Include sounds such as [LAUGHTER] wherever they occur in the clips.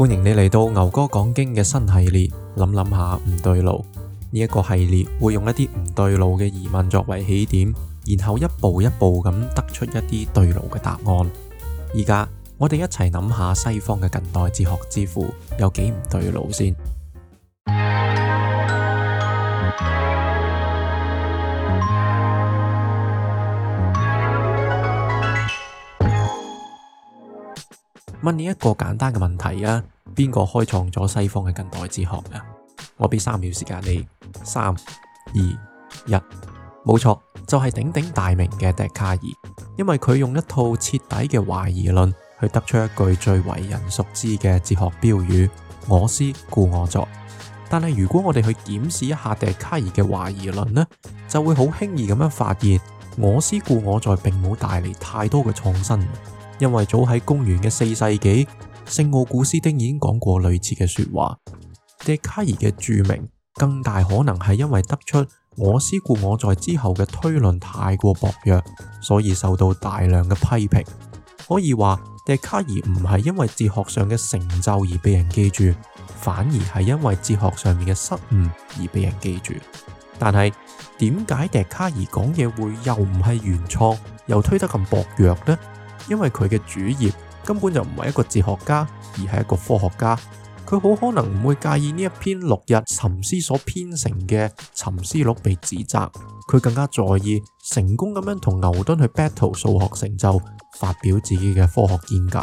歡迎你嚟到牛哥講經嘅新系列，諗諗下唔對路。呢一個系列會用一啲唔對路嘅疑問作為起點，然後一步一步咁得出一啲對路嘅答案。而家我哋一齊諗下西方嘅近代哲學之父有幾唔對路先。 [MUSIC] 問你一個簡單嘅問題啊，邊個開創咗西方嘅近代哲學啊？我俾三秒時間你，三、二、一，冇錯，就係鼎鼎大名嘅笛卡爾，因為佢用一套徹底嘅懷疑論去得出一句最為人熟知嘅哲學標語：我思故我作。但係如果我哋去檢視一下笛卡爾嘅懷疑論呢，就會好輕易咁樣發現，我思故我在並冇帶嚟太多嘅創新。因為早喺公元嘅四世紀，聖奧古斯丁已經講過類似嘅說話。笛卡爾嘅著名，更大可能係因為得出我思故我在之後嘅推論太過薄弱，所以受到大量嘅批評。可以話笛卡爾唔係因為哲學上嘅成就而被人記住，反而係因為哲學上面嘅失誤而被人記住。但係點解笛卡爾講嘢會又唔係原創，又推得咁薄弱呢？因為佢嘅主業根本就唔係一個哲學家，而係一個科學家。佢好可能唔會介意呢一篇六日沉思所編成嘅沉思錄被指責。佢更加在意成功咁樣同牛頓去 battle 數學成就，發表自己嘅科學見解。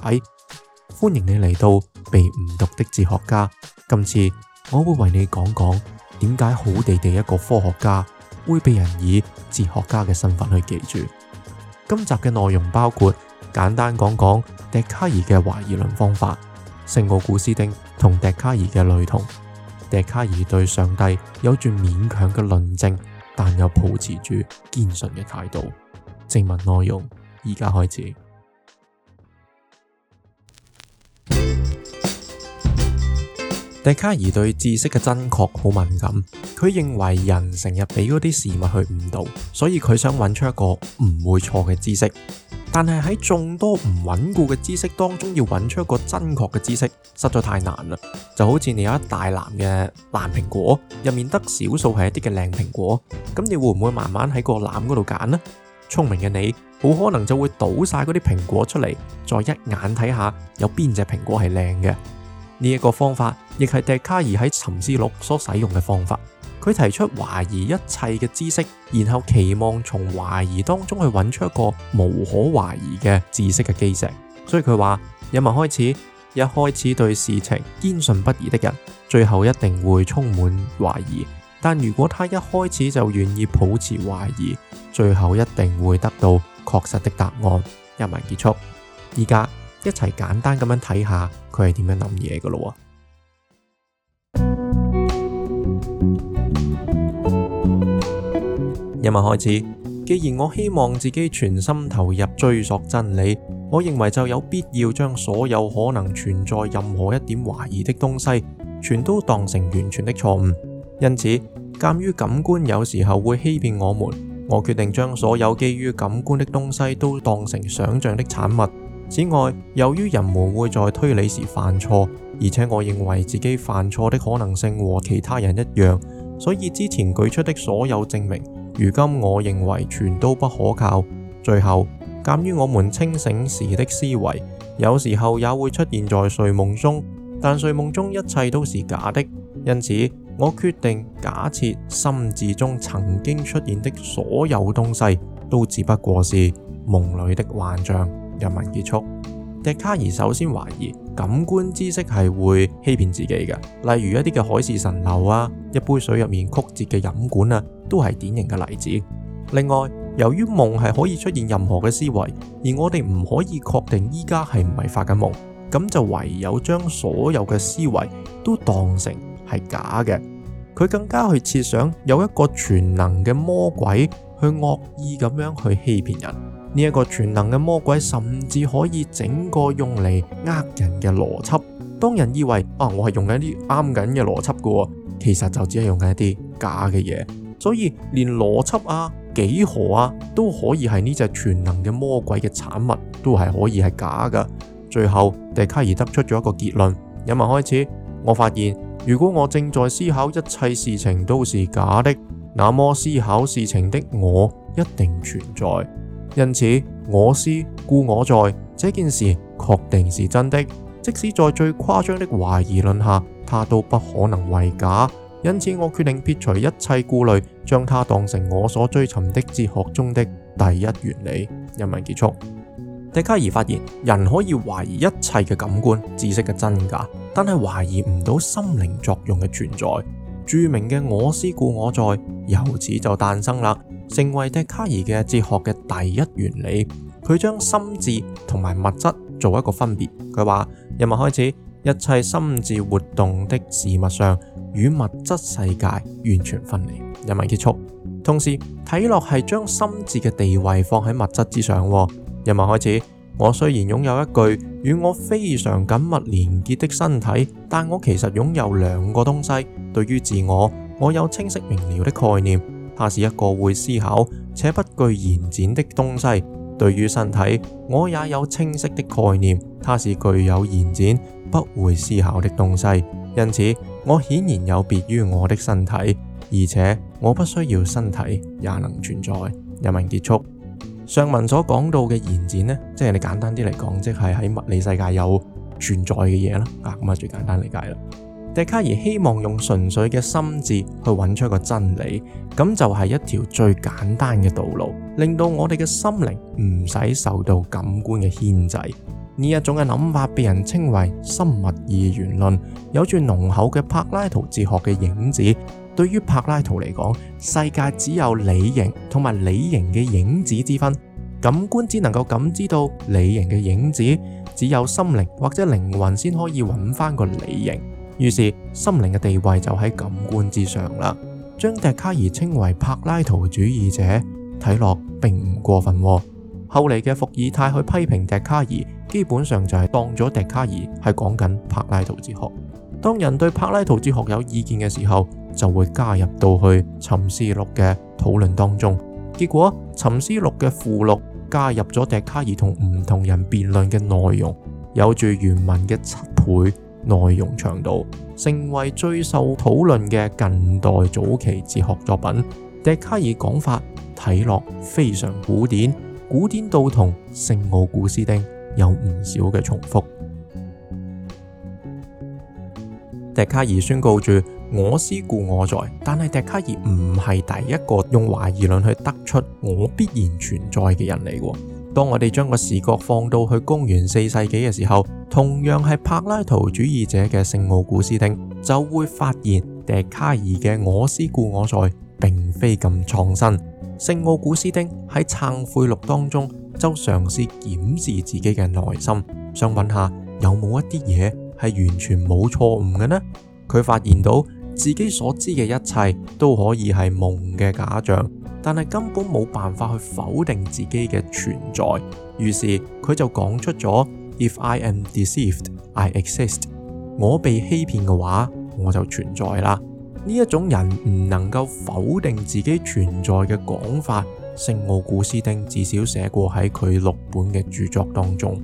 歡迎你嚟到被誤讀的哲學家。今次我會為你講講點解好地地一個科學家會被人以哲學家嘅身份去記住。今集嘅內容包括。簡單講講笛卡爾嘅懷疑論方法，聖奧古斯丁同笛卡爾嘅類同。笛卡爾對上帝有住勉強嘅論證，但又保持住堅信嘅態度。正文內容依家開始。笛卡兒對知識嘅真確好敏感，佢認為人成日俾嗰啲事物去誤導，所以佢想揾出一個唔會錯嘅知識。但係喺眾多唔穩固嘅知識當中，要揾出一個真確嘅知識，實在太難啦。就好似你有一大籃嘅爛蘋果，入面得少數係一啲嘅靚蘋果，咁你會唔會慢慢喺個籃嗰度揀呢？聰明嘅你，好可能就會倒晒嗰啲蘋果出嚟，再一眼睇下有邊隻蘋果係靚嘅。呢一個方法亦係笛卡爾喺《沉思錄》所使用嘅方法。佢提出懷疑一切嘅知識，然後期望從懷疑當中去揾出一個無可懷疑嘅知識嘅基石。所以佢話：一文開始一開始對事情堅信不疑的人，最後一定會充滿懷疑；但如果他一開始就願意抱持懷疑，最後一定會得到確實的答案。一文結束。依家。一齊簡單咁樣睇下，佢係點樣諗嘢嘅咯喎。今日開始，既然我希望自己全心投入追索真理，我認為就有必要將所有可能存在任何一點懷疑的東西，全都當成完全的錯誤。因此，鑑於感官有時候會欺騙我們，我決定將所有基於感官的東西都當成想像的產物。此外，由於人們會在推理時犯錯，而且我認為自己犯錯的可能性和其他人一樣，所以之前舉出的所有證明，如今我認為全都不可靠。最後，鑑於我們清醒時的思維有時候也會出現在睡夢中，但睡夢中一切都是假的，因此我決定假設心智中曾經出現的所有東西都只不過是夢裏的幻象。人民結束。笛卡兒首先懷疑感官知識係會欺騙自己嘅，例如一啲嘅海市蜃樓啊，一杯水入面曲折嘅飲管啊，都係典型嘅例子。另外，由於夢係可以出現任何嘅思維，而我哋唔可以確定依家係唔係發緊夢，咁就唯有將所有嘅思維都當成係假嘅。佢更加去設想有一個全能嘅魔鬼去惡意咁樣去欺騙人。呢一個全能嘅魔鬼甚至可以整個用嚟呃人嘅邏輯。當人以為啊，我係用緊啲啱緊嘅邏輯嘅，其實就只係用緊一啲假嘅嘢。所以連邏輯啊、幾何啊都可以係呢隻全能嘅魔鬼嘅產物，都係可以係假嘅。最後，笛卡爾得出咗一個結論：因為開始我發現，如果我正在思考一切事情都是假的，那麼思考事情的我一定存在。因此，我思故我在，這件事確定是真的。即使在最誇張的懷疑論下，他都不可能為假。因此，我決定撇除一切顧慮，將他當成我所追尋的哲學中的第一原理。一文結束。笛卡兒發現，人可以懷疑一切嘅感官知識嘅真假，但係懷疑唔到心靈作用嘅存在。著名嘅我思故我在，由此就誕生啦，成為笛卡爾嘅哲學嘅第一原理。佢將心智同埋物質做一個分別。佢話：引文開始，一切心智活動的事物上與物質世界完全分離；引文結束，同時睇落係將心智嘅地位放喺物質之上。引文開始。我雖然擁有一具與我非常緊密連結的身體，但我其實擁有兩個東西。對於自我，我有清晰明了的概念，它是一個會思考且不具延展的東西；對於身體，我也有清晰的概念，它是具有延展、不會思考的東西。因此，我顯然有別於我的身體，而且我不需要身體也能存在。引文結束。上文所講到嘅延展呢，即係你簡單啲嚟講，即係喺物理世界有存在嘅嘢啦。啊，咁啊最簡單理解啦。笛卡兒希望用純粹嘅心智去揾出一個真理，咁就係一條最簡單嘅道路，令到我哋嘅心靈唔使受到感官嘅牽制。呢一種嘅諗法被人稱為心物二元論，有住濃厚嘅柏拉圖哲學嘅影子。對於柏拉圖嚟講，世界只有理型同埋理型嘅影子之分。感官只能夠感知到理型嘅影子，只有心靈或者靈魂先可以揾翻個理型。於是心靈嘅地位就喺感官之上啦。將笛卡爾稱為柏拉圖主義者，睇落並唔過分喎。後嚟嘅伏爾泰去批評笛卡爾，基本上就係當咗笛卡爾係講緊柏拉圖哲學。當人對柏拉圖哲學有意見嘅時候，就會加入到去沉思錄嘅討論當中，結果沉思錄嘅附錄加入咗笛卡爾同唔同人辯論嘅內容，有住原文嘅七倍內容長度，成為最受討論嘅近代早期哲學作品。笛卡爾講法睇落非常古典，古典到同聖奧古斯丁有唔少嘅重複。笛卡爾宣告住。我思故我在，但係笛卡爾唔係第一個用懷疑論去得出我必然存在嘅人嚟。當我哋將個視角放到去公元四世紀嘅時候，同樣係柏拉圖主義者嘅聖奧古斯丁就會發現笛卡爾嘅我思故我在並非咁創新。聖奧古斯丁喺懺悔錄當中就嘗試檢視自己嘅內心，想問下有冇一啲嘢係完全冇錯誤嘅呢？佢發現到。自己所知嘅一切都可以係夢嘅假象，但係根本冇辦法去否定自己嘅存在。於是佢就講出咗：If I am deceived, I exist。我被欺騙嘅話，我就存在啦。呢一種人唔能夠否定自己存在嘅講法，聖奧古斯丁至少寫過喺佢六本嘅著作當中。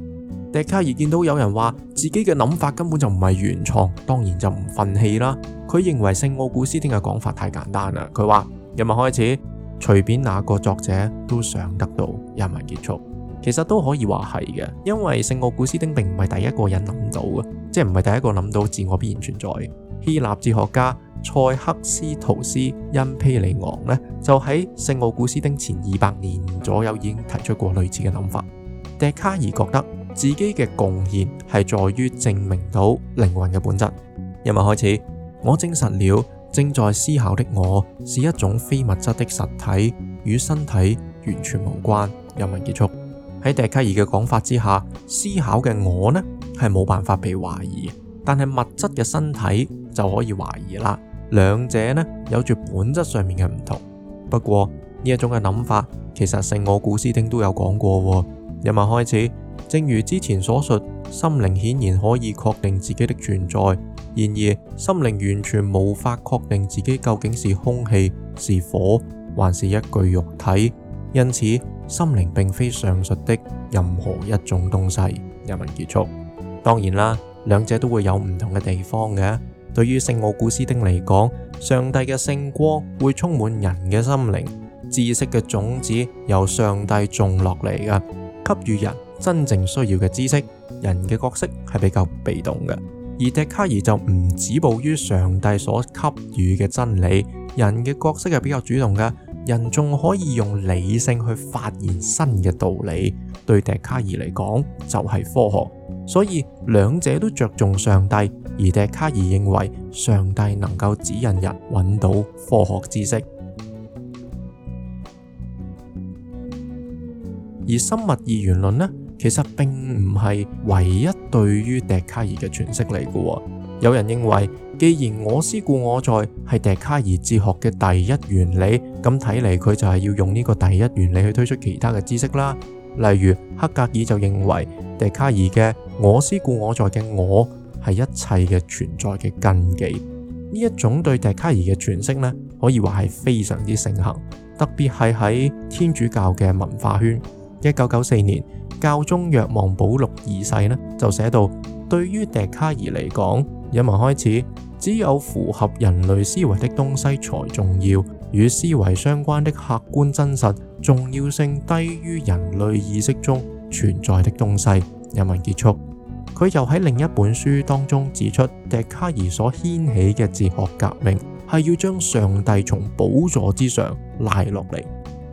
笛卡爾見到有人話自己嘅諗法根本就唔係原創，當然就唔忿氣啦。佢認為聖奧古斯丁嘅講法太簡單啦。佢話：，人日開始隨便哪個作者都想得到，人日結束其實都可以話係嘅，因為聖奧古斯丁並唔係第一個人諗到嘅，即係唔係第一個諗到自我必然存在。希臘哲學家塞克斯圖斯因披里昂呢，就喺聖奧古斯丁前二百年左右已經提出過類似嘅諗法。笛卡爾覺得。自己嘅貢獻係在於證明到靈魂嘅本質。一物開始，我證實了正在思考的我是一種非物質的實體，與身體完全無關。一物結束，喺笛卡爾嘅講法之下，思考嘅我呢係冇辦法被懷疑，但係物質嘅身體就可以懷疑啦。兩者呢有住本質上面嘅唔同。不過呢一種嘅諗法其實聖奧古斯丁都有講過。一物開始。正如之前所述，心靈顯然可以確定自己的存在。然而，心靈完全無法確定自己究竟是空氣、是火，還是一具肉體。因此，心靈並非上述的任何一種東西。引文結束。當然啦，兩者都會有唔同嘅地方嘅。對於聖奧古斯丁嚟講，上帝嘅聖光會充滿人嘅心靈，知識嘅種子由上帝種落嚟嘅，給予人。真正需要嘅知識，人嘅角色係比較被動嘅，而笛卡爾就唔止步於上帝所給予嘅真理，人嘅角色係比較主動嘅，人仲可以用理性去發現新嘅道理。對笛卡爾嚟講，就係、是、科學，所以兩者都着重上帝，而笛卡爾認為上帝能夠指引人揾到科學知識，而《生物二元論》呢？其實並唔係唯一對於笛卡爾嘅詮釋嚟嘅喎，有人認為既然我思故我在係笛卡爾哲學嘅第一原理，咁睇嚟，佢就係要用呢個第一原理去推出其他嘅知識啦。例如黑格爾就認為笛卡爾嘅我思故我在嘅我係一切嘅存在嘅根基，呢一種對笛卡爾嘅詮釋呢，可以話係非常之盛行，特別係喺天主教嘅文化圈。一九九四年，教宗若望保祿二世呢就寫到：對於笛卡爾嚟講，引文開始，只有符合人類思維的東西才重要，與思維相關的客觀真實，重要性低於人類意識中存在的東西。引文結束，佢又喺另一本書當中指出，笛卡爾所掀起嘅哲學革命係要將上帝從寶座之上拉落嚟，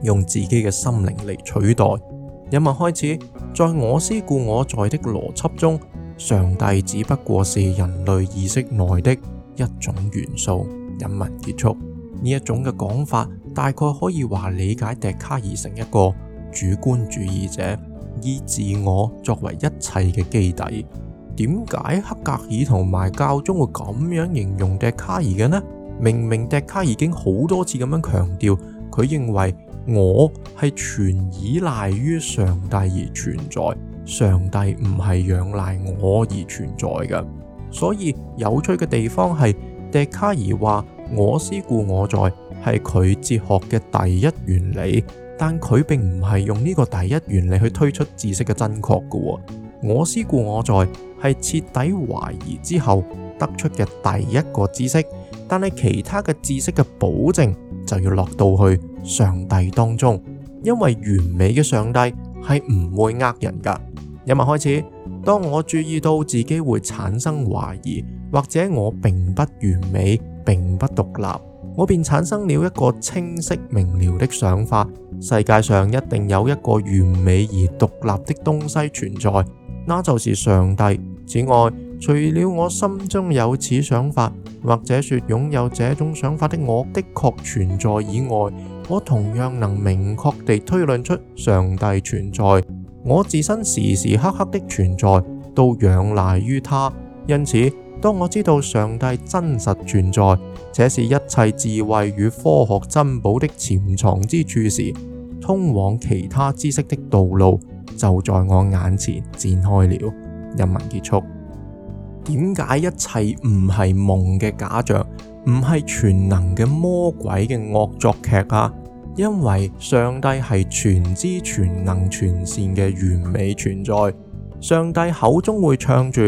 用自己嘅心靈嚟取代。引文開始，在我思故我在的邏輯中，上帝只不過是人類意識內的一種元素。引文結束，呢一種嘅講法大概可以話理解笛卡爾成一個主觀主義者，以自我作為一切嘅基底。點解黑格爾同埋教宗會咁樣形容笛卡爾嘅呢？明明笛卡爾已經好多次咁樣強調，佢認為。我係全依賴於上帝而存在，上帝唔係仰賴我而存在嘅。所以有趣嘅地方係笛卡爾話我思故我在係佢哲學嘅第一原理，但佢並唔係用呢個第一原理去推出知識嘅真確嘅。我思故我在係徹底懷疑之後得出嘅第一個知識，但係其他嘅知識嘅保證，就要落到去上帝當中，因為完美嘅上帝係唔會呃人㗎。今日開始，當我注意到自己會產生懷疑，或者我並不完美，並不獨立，我便產生了一個清晰明了的想法：世界上一定有一個完美而獨立的東西存在，那就是上帝。此外，除了我心中有此想法，或者說擁有這種想法的我的確存在以外，我同樣能明確地推論出上帝存在。我自身時時刻刻的存在都仰賴於他，因此當我知道上帝真實存在，這是一切智慧與科學珍寶的潛藏之處時，通往其他知識的道路就在我眼前展開了。人文結束。點解一切唔係夢嘅假象，唔係全能嘅魔鬼嘅惡作劇啊？因為上帝係全知、全能、全善嘅完美存在。上帝口中會唱住：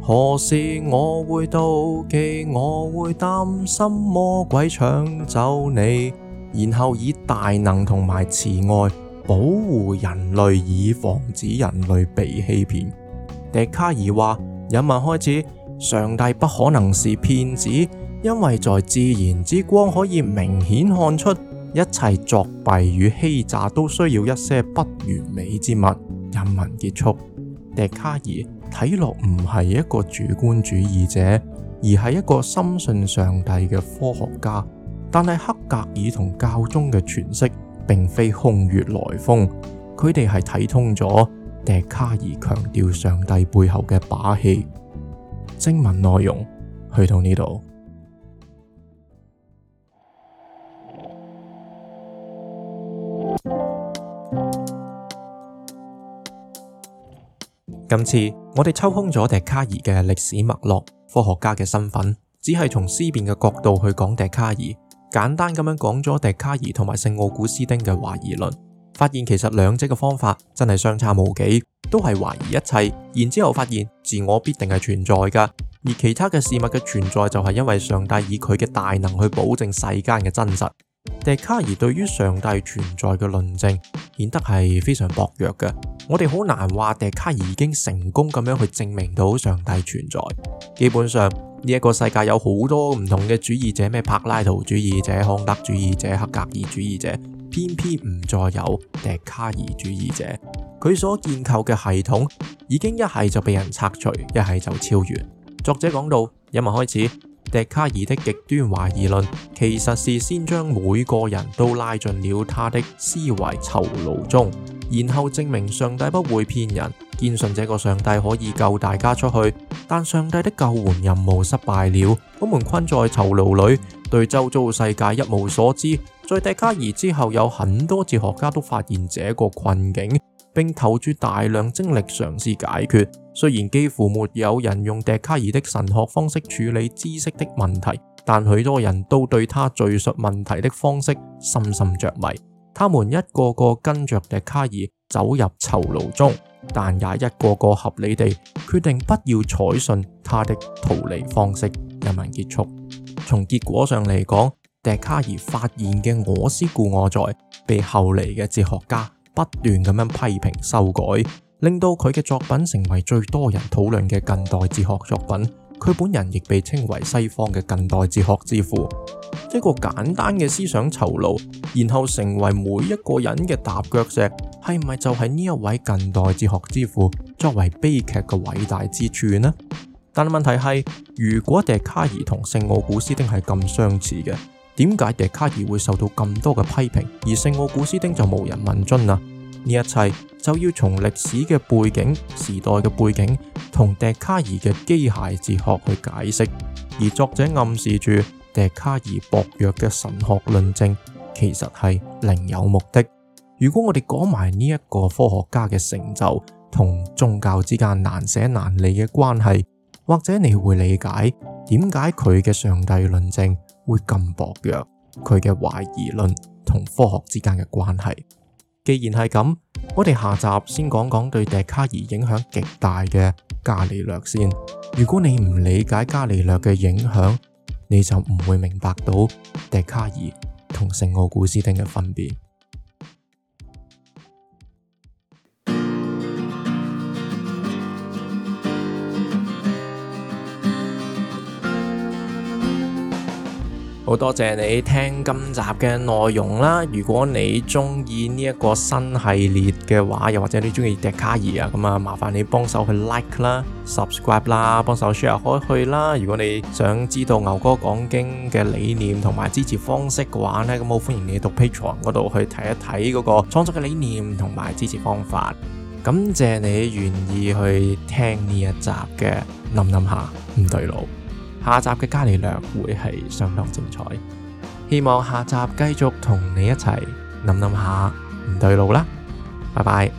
何時我會妒忌？我會擔心魔鬼搶走你，然後以大能同埋慈愛保護人類，以防止人類被欺騙。笛卡兒話。引文開始，上帝不可能是騙子，因為在自然之光可以明顯看出，一切作弊與欺詐都需要一些不完美之物。引文結束。笛卡爾睇落唔係一個主觀主義者，而係一個深信上帝嘅科學家。但係黑格爾同教宗嘅詮釋並非空穴來風，佢哋係睇通咗。笛卡爾強調上帝背後嘅把戲。正文內容去到呢度。今次我哋抽空咗笛卡爾嘅歷史脈絡、科學家嘅身份，只係從思辨嘅角度去講笛卡爾。簡單咁樣講咗笛卡爾同埋聖奧古斯丁嘅懷疑論。發現其實兩者嘅方法真係相差無幾，都係懷疑一切，然之後發現自我必定係存在噶，而其他嘅事物嘅存在就係因為上帝以佢嘅大能去保證世間嘅真實。笛卡爾對於上帝存在嘅論證顯得係非常薄弱嘅，我哋好難話笛卡爾已經成功咁樣去證明到上帝存在。基本上呢一個世界有好多唔同嘅主義者，咩柏拉圖主義者、康德主義者、黑格爾主義者。偏偏唔再有笛卡爾主義者，佢所建構嘅系統已經一係就被人拆除，一係就超越。作者講到，引文開始，笛卡爾的極端懷疑論其實是先將每個人都拉進了他的思維囚牢中。然後證明上帝不會騙人，堅信這個上帝可以救大家出去。但上帝的救援任務失敗了，我們困在囚牢裏，對周遭世界一無所知。在笛卡爾之後，有很多哲學家都發現這個困境，並投注大量精力嘗試解決。雖然幾乎沒有人用笛卡爾的神學方式處理知識的問題，但許多人都對他敘述問題的方式深深着迷。他們一個個跟着笛卡爾走入囚牢中，但也一個個合理地決定不要採信他的逃離方式。人民結束。從結果上嚟講，笛卡爾發現嘅我思故我在，被後嚟嘅哲學家不斷咁樣批評修改，令到佢嘅作品成為最多人討論嘅近代哲學作品。佢本人亦被稱為西方嘅近代哲學之父。一個簡單嘅思想囚牢，然後成為每一個人嘅踏腳石，係咪就係呢一位近代哲學之父作為悲劇嘅偉大之處呢？但問題係，如果笛卡爾同聖奧古斯丁係咁相似嘅，點解笛卡爾會受到咁多嘅批評，而聖奧古斯丁就無人問津啊？呢一切就要從歷史嘅背景、時代嘅背景同笛卡爾嘅機械哲學去解釋，而作者暗示住。笛卡爾薄弱嘅神學論證其實係另有目的。如果我哋講埋呢一個科學家嘅成就同宗教之間難捨難離嘅關係，或者你會理解點解佢嘅上帝論證會咁薄弱，佢嘅懷疑論同科學之間嘅關係。既然係咁，我哋下集先講講對笛卡爾影響極大嘅伽利略先。如果你唔理解伽利略嘅影響，你就唔會明白到笛卡爾同聖奧古斯丁嘅分別。好多謝你聽今集嘅內容啦，如果你中意呢一個新系列嘅話，又或者你中意笛卡爾啊，咁啊麻煩你幫手去 like 啦、subscribe 啦，幫手 share 開去啦。如果你想知道牛哥講經嘅理念同埋支持方式嘅話呢，咁我歡迎你到 Patreon 嗰度去睇一睇嗰個創作嘅理念同埋支持方法。感謝你願意去聽呢一集嘅諗諗下，唔對路。下集嘅伽利略會係相當精彩，希望下集繼續同你一齊諗諗下唔對路啦，拜拜。